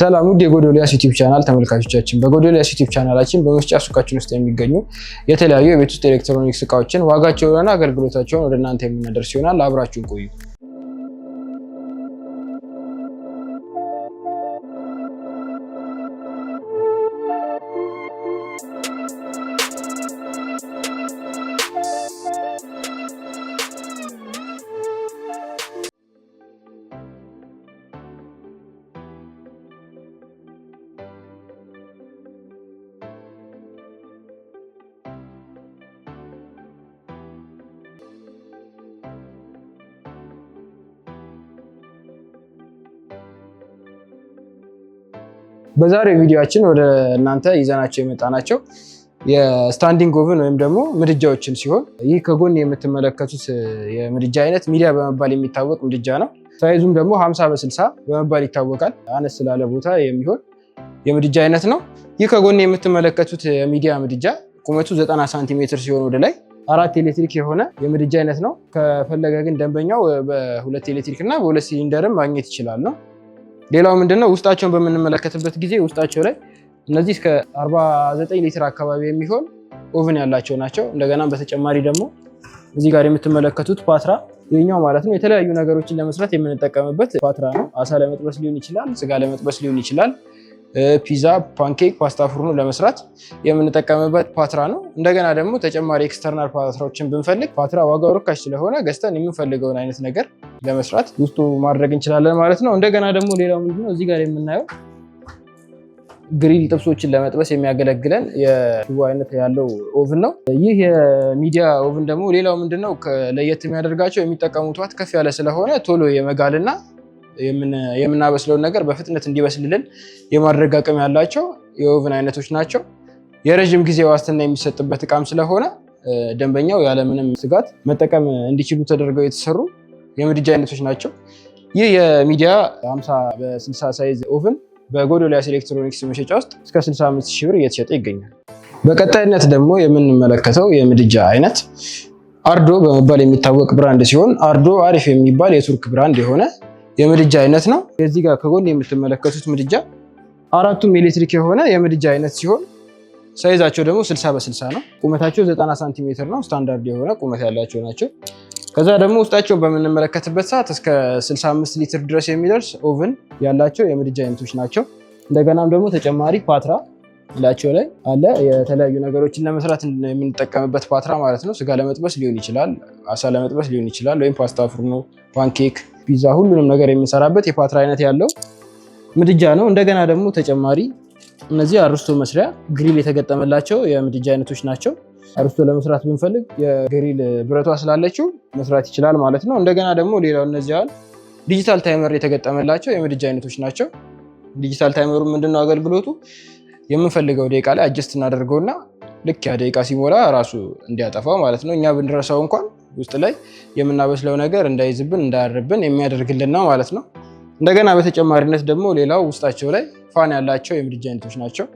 ሰላም ውድ የጎዶልያስ ዩቲዩብ ቻናል ተመልካቾቻችን፣ በጎዶልያስ ዩቲዩብ ቻናላችን በመስጫ ሱቃችን ውስጥ የሚገኙ የተለያዩ የቤት ውስጥ ኤሌክትሮኒክስ እቃዎችን ዋጋቸውንና አገልግሎታቸውን ወደ እናንተ የምናደርስ ይሆናል። አብራችሁን ቆዩ። በዛሬው ቪዲዮችን ወደ እናንተ ይዘናቸው የመጣናቸው የስታንዲንግ ኦቨን ወይም ደግሞ ምድጃዎችን ሲሆን ይህ ከጎን የምትመለከቱት የምድጃ አይነት ሚዲያ በመባል የሚታወቅ ምድጃ ነው። ሳይዙም ደግሞ 50 በ60 በመባል ይታወቃል። አነስ ስላለ ቦታ የሚሆን የምድጃ አይነት ነው። ይህ ከጎን የምትመለከቱት የሚዲያ ምድጃ ቁመቱ 90 ሳንቲሜትር ሲሆን ወደ ላይ አራት ኤሌክትሪክ የሆነ የምድጃ አይነት ነው። ከፈለገ ግን ደንበኛው በሁለት ኤሌክትሪክ እና በሁለት ሲሊንደርም ማግኘት ይችላል ነው ሌላው ምንድነው ውስጣቸውን በምንመለከትበት ጊዜ ውስጣቸው ላይ እነዚህ እስከ 49 ሊትር አካባቢ የሚሆን ኦቭን ያላቸው ናቸው። እንደገና በተጨማሪ ደግሞ እዚህ ጋር የምትመለከቱት ፓትራ ይኛው ማለት ነው። የተለያዩ ነገሮችን ለመስራት የምንጠቀምበት ፓትራ ነው። አሳ ለመጥበስ ሊሆን ይችላል፣ ስጋ ለመጥበስ ሊሆን ይችላል። ፒዛ፣ ፓንኬክ፣ ፓስታ ፉርኖ ለመስራት የምንጠቀምበት ፓትራ ነው። እንደገና ደግሞ ተጨማሪ ኤክስተርናል ፓትራዎችን ብንፈልግ ፓትራ ዋጋው ርካሽ ስለሆነ ገዝተን የምንፈልገውን አይነት ነገር ለመስራት ውስጡ ማድረግ እንችላለን ማለት ነው። እንደገና ደግሞ ሌላው ምንድነው እዚህ ጋር የምናየው ግሪል ጥብሶችን ለመጥበስ የሚያገለግለን የሽቦ አይነት ያለው ኦቭን ነው። ይህ የሚዲያ ኦቭን ደግሞ ሌላው ምንድነው ለየት የሚያደርጋቸው የሚጠቀሙት ዋት ከፍ ያለ ስለሆነ ቶሎ የመጋልና የምናበስለውን ነገር በፍጥነት እንዲበስልልን የማድረግ አቅም ያላቸው የኦቭን አይነቶች ናቸው። የረዥም ጊዜ ዋስትና የሚሰጥበት እቃም ስለሆነ ደንበኛው ያለምንም ስጋት መጠቀም እንዲችሉ ተደርገው የተሰሩ የምድጃ አይነቶች ናቸው። ይህ የሚዲያ 50 በ60 ሳይዝ ኦቭን በጎዶልያስ ኤሌክትሮኒክስ መሸጫ ውስጥ እስከ 65 ሺህ ብር እየተሸጠ ይገኛል። በቀጣይነት ደግሞ የምንመለከተው የምድጃ አይነት አርዶ በመባል የሚታወቅ ብራንድ ሲሆን አርዶ አሪፍ የሚባል የቱርክ ብራንድ የሆነ የምድጃ አይነት ነው። እዚህ ጋር ከጎን የምትመለከቱት ምድጃ አራቱም ኤሌክትሪክ የሆነ የምድጃ አይነት ሲሆን ሳይዛቸው ደግሞ 60 በ60 ነው። ቁመታቸው 90 ሳንቲሜትር ነው። ስታንዳርድ የሆነ ቁመት ያላቸው ናቸው። ከዛ ደግሞ ውስጣቸውን በምንመለከትበት ሰዓት እስከ 65 ሊትር ድረስ የሚደርስ ኦቭን ያላቸው የምድጃ አይነቶች ናቸው። እንደገናም ደግሞ ተጨማሪ ፓትራ ላቸው ላይ አለ። የተለያዩ ነገሮችን ለመስራት የምንጠቀምበት ፓትራ ማለት ነው። ስጋ ለመጥበስ ሊሆን ይችላል፣ አሳ ለመጥበስ ሊሆን ይችላል፣ ወይም ፓስታ፣ ፍርኖ፣ ፓንኬክ፣ ፒዛ፣ ሁሉንም ነገር የምንሰራበት የፓትራ አይነት ያለው ምድጃ ነው። እንደገና ደግሞ ተጨማሪ እነዚህ አርስቶ መስሪያ ግሪል የተገጠመላቸው የምድጃ አይነቶች ናቸው። አርስቶ ለመስራት ብንፈልግ የግሪል ብረቷ ስላለችው መስራት ይችላል ማለት ነው። እንደገና ደግሞ ሌላው እነዚህ ዲጂታል ታይመር የተገጠመላቸው የምድጃ አይነቶች ናቸው። ዲጂታል ታይመሩ ምንድነው አገልግሎቱ? የምንፈልገው ደቂቃ ላይ አጀስት እናደርገውና ልክ ያ ደቂቃ ሲሞላ ራሱ እንዲያጠፋው ማለት ነው። እኛ ብንረሳው እንኳን ውስጥ ላይ የምናበስለው ነገር እንዳይዝብን እንዳያርብን የሚያደርግልን ነው ማለት ነው። እንደገና በተጨማሪነት ደግሞ ሌላው ውስጣቸው ላይ ፋን ያላቸው የምድጃ አይነቶች ናቸው።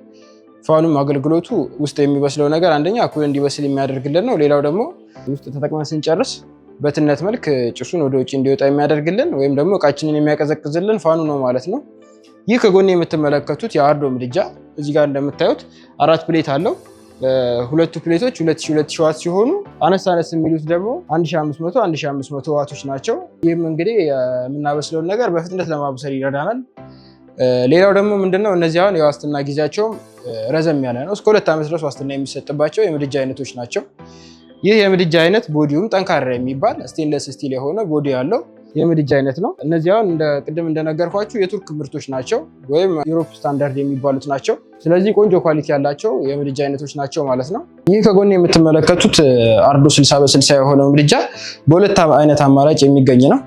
ፋኑም አገልግሎቱ ውስጥ የሚበስለው ነገር አንደኛ እኩል እንዲበስል የሚያደርግልን ነው። ሌላው ደግሞ ውስጥ ተጠቅመን ስንጨርስ በትነት መልክ ጭሱን ወደ ውጭ እንዲወጣ የሚያደርግልን ወይም ደግሞ እቃችንን የሚያቀዘቅዝልን ፋኑ ነው ማለት ነው። ይህ ከጎን የምትመለከቱት የአርዶ ምድጃ እዚህ ጋር እንደምታዩት አራት ፕሌት አለው። ሁለቱ ፕሌቶች 2020 ዋት ሲሆኑ አነስ አነስ የሚሉት ደግሞ 1500 1500 ዋቶች ናቸው። ይህም እንግዲህ የምናበስለውን ነገር በፍጥነት ለማብሰል ይረዳናል። ሌላው ደግሞ ምንድነው እነዚህ አሁን የዋስትና ጊዜያቸውም ረዘም ያለ ነው። እስከ ሁለት ዓመት ድረስ ዋስትና የሚሰጥባቸው የምድጃ አይነቶች ናቸው። ይህ የምድጃ አይነት ቦዲውም ጠንካራ የሚባል ስቴንለስ ስቲል የሆነ ቦዲ አለው። የምድጃ አይነት ነው። እነዚህ አሁን ቅድም እንደነገርኳችሁ የቱርክ ምርቶች ናቸው ወይም ዩሮፕ ስታንዳርድ የሚባሉት ናቸው። ስለዚህ ቆንጆ ኳሊቲ ያላቸው የምድጃ አይነቶች ናቸው ማለት ነው። ይህ ከጎን የምትመለከቱት አርዶ 60 በ60 የሆነው ምድጃ በሁለት አይነት አማራጭ የሚገኝ ነው።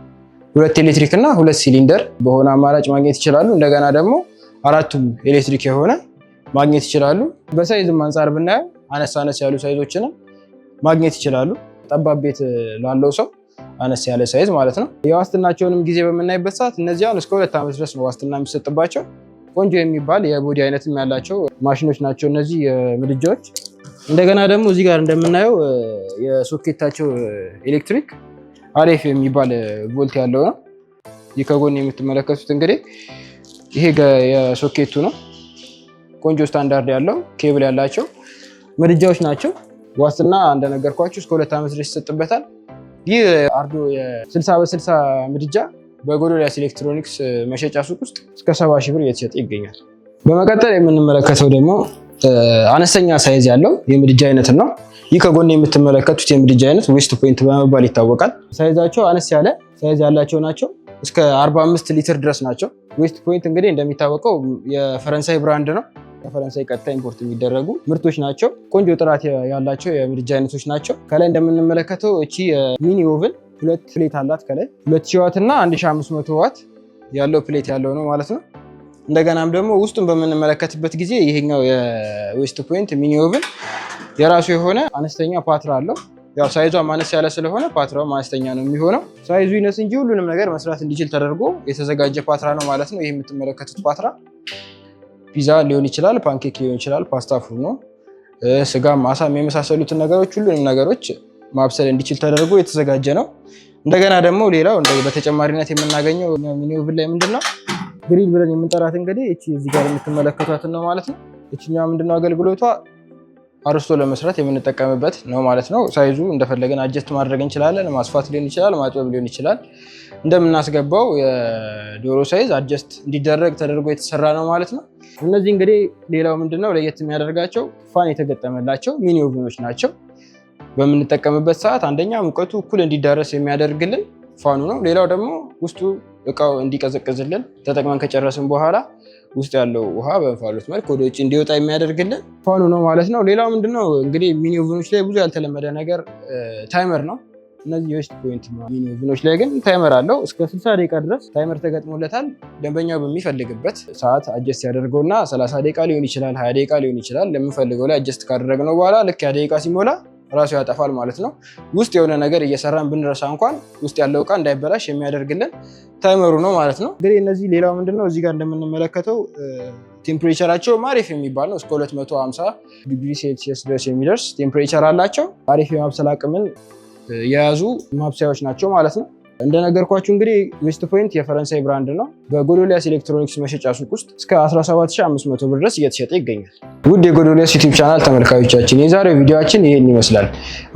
ሁለት ኤሌክትሪክ እና ሁለት ሲሊንደር በሆነ አማራጭ ማግኘት ይችላሉ። እንደገና ደግሞ አራቱም ኤሌክትሪክ የሆነ ማግኘት ይችላሉ። በሳይዝም አንጻር ብናየው አነስ አነስ ያሉ ሳይዞችንም ማግኘት ይችላሉ። ጠባብ ቤት ላለው ሰው አነስ ያለ ሳይዝ ማለት ነው። የዋስትናቸውንም ጊዜ በምናይበት ሰዓት እነዚህ አሁን እስከ ሁለት ዓመት ድረስ ነው ዋስትና የሚሰጥባቸው። ቆንጆ የሚባል የቦዲ አይነትም ያላቸው ማሽኖች ናቸው እነዚህ ምድጃዎች። እንደገና ደግሞ እዚህ ጋር እንደምናየው የሶኬታቸው ኤሌክትሪክ አሪፍ የሚባል ቮልት ያለው ነው። ይህ ከጎን የምትመለከቱት እንግዲህ ይሄ የሶኬቱ ነው። ቆንጆ ስታንዳርድ ያለው ኬብል ያላቸው ምድጃዎች ናቸው። ዋስትና እንደነገርኳችሁ እስከ ሁለት ዓመት ድረስ ይሰጥበታል። ይህ አርዶ የ60 በ60 ምድጃ በጎዶልያስ ኤሌክትሮኒክስ መሸጫ ሱቅ ውስጥ እስከ 70 ሺህ ብር እየተሸጠ ይገኛል። በመቀጠል የምንመለከተው ደግሞ አነስተኛ ሳይዝ ያለው የምድጃ አይነት ነው። ይህ ከጎን የምትመለከቱት የምድጃ አይነት ዌስት ፖይንት በመባል ይታወቃል። ሳይዛቸው አነስ ያለ ሳይዝ ያላቸው ናቸው። እስከ 45 ሊትር ድረስ ናቸው። ዌስት ፖይንት እንግዲህ እንደሚታወቀው የፈረንሳይ ብራንድ ነው። ከፈረንሳይ ቀጥታ ኢምፖርት የሚደረጉ ምርቶች ናቸው። ቆንጆ ጥራት ያላቸው የምድጃ አይነቶች ናቸው። ከላይ እንደምንመለከተው እቺ ሚኒ ኦቭን ሁለት ፕሌት አላት። ከላይ 2000 ዋት እና 1500 ዋት ያለው ፕሌት ያለው ነው ማለት ነው። እንደገናም ደግሞ ውስጡን በምንመለከትበት ጊዜ ይሄኛው የዌስት ፖይንት ሚኒ ኦቭን የራሱ የሆነ አነስተኛ ፓትራ አለው። ያው ሳይዟ ማነስ ያለ ስለሆነ ፓትራውም አነስተኛ ነው የሚሆነው። ሳይዙ ይነስ እንጂ ሁሉንም ነገር መስራት እንዲችል ተደርጎ የተዘጋጀ ፓትራ ነው ማለት ነው። ይህ የምትመለከቱት ፓትራ ፒዛ ሊሆን ይችላል፣ ፓንኬክ ሊሆን ይችላል፣ ፓስታ ፉርኖ፣ ስጋም፣ አሳም የመሳሰሉትን ነገሮች ሁሉንም ነገሮች ማብሰል እንዲችል ተደርጎ የተዘጋጀ ነው። እንደገና ደግሞ ሌላው በተጨማሪነት የምናገኘው ሚኒዮቭን ላይ ምንድን ነው ግሪል ብለን የምንጠራት እንግዲህ እዚህ ጋር የምትመለከቷትን ነው ማለት ነው። እችኛ ምንድነው አገልግሎቷ አርስቶ ለመስራት የምንጠቀምበት ነው ማለት ነው። ሳይዙ እንደፈለገን አጀስት ማድረግ እንችላለን። ማስፋት ሊሆን ይችላል፣ ማጥበብ ሊሆን ይችላል። እንደምናስገባው የዶሮ ሳይዝ አጀስት እንዲደረግ ተደርጎ የተሰራ ነው ማለት ነው። እነዚህ እንግዲህ ሌላው ምንድነው ለየት የሚያደርጋቸው ፋን የተገጠመላቸው ሚኒ ኦቭኖች ናቸው። በምንጠቀምበት ሰዓት አንደኛ ሙቀቱ እኩል እንዲዳረስ የሚያደርግልን ፋኑ ነው። ሌላው ደግሞ ውስጡ እቃው እንዲቀዘቅዝልን ተጠቅመን ከጨረስን በኋላ ውስጥ ያለው ውሃ በእንፋሎት መልክ ወደ ውጭ እንዲወጣ የሚያደርግልን ፋኑ ነው ማለት ነው። ሌላው ምንድነው እንግዲህ ሚኒ ኦቭኖች ላይ ብዙ ያልተለመደ ነገር ታይመር ነው። እነዚህ የዌስት ፖይንት ሚኒ ኦቭኖች ላይ ግን ታይመር አለው። እስከ 60 ደቂቃ ድረስ ታይመር ተገጥሞለታል። ደንበኛው በሚፈልግበት ሰዓት አጀስት ያደርገውና 30 ደቂቃ ሊሆን ይችላል፣ 20 ደቂቃ ሊሆን ይችላል። ለምንፈልገው ላይ አጀስት ካደረግነው በኋላ ልክ ያ ደቂቃ ሲሞላ ራሱ ያጠፋል ማለት ነው። ውስጥ የሆነ ነገር እየሰራን ብንረሳ እንኳን ውስጥ ያለው እቃ እንዳይበላሽ የሚያደርግልን ታይመሩ ነው ማለት ነው። እንግዲህ እነዚህ ሌላው ምንድን ነው እዚህ ጋር እንደምንመለከተው ቴምፕሬቸራቸው አሪፍ የሚባል ነው። እስከ 250 ዲግሪ ሴልሲየስ ድረስ የሚደርስ ቴምፕሬቸር አላቸው። አሪፍ የማብሰል አቅምን የያዙ ማብሰያዎች ናቸው ማለት ነው። እንደነገርኳችሁ እንግዲህ ሚስት ፖይንት የፈረንሳይ ብራንድ ነው። በጎዶሊያስ ኤሌክትሮኒክስ መሸጫ ሱቅ ውስጥ እስከ 17500 ብር ድረስ እየተሸጠ ይገኛል። ውድ የጎዶሊያስ ዩቲዩብ ቻናል ተመልካዮቻችን የዛሬው ቪዲዮችን ይህን ይመስላል።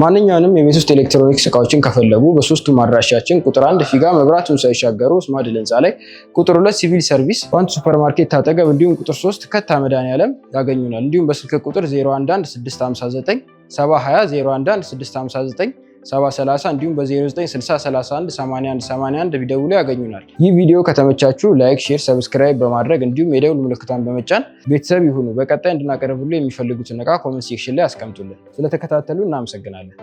ማንኛውንም የቤት ውስጥ ኤሌክትሮኒክስ እቃዎችን ከፈለጉ በሶስቱ ማድራሻችን ቁጥር አንድ ፊጋ መብራቱን ሳይሻገሩ ስማድል ህንፃ ላይ፣ ቁጥር ሁለት ሲቪል ሰርቪስ ዋንት ሱፐርማርኬት አጠገብ እንዲሁም ቁጥር ሶስት ከታ መድኃኒዓለም ያገኙናል። እንዲሁም በስልክ ቁጥር 011659 720 7030 እንዲሁም በ0960318181 ቢደውሉ ያገኙናል። ይህ ቪዲዮ ከተመቻችሁ ላይክ፣ ሼር፣ ሰብስክራይብ በማድረግ እንዲሁም የደውል ምልክቷን በመጫን ቤተሰብ ይሁኑ። በቀጣይ እንድናቀርብሉ የሚፈልጉትን እቃ ኮመንት ሴክሽን ላይ አስቀምጡልን። ስለተከታተሉ እናመሰግናለን።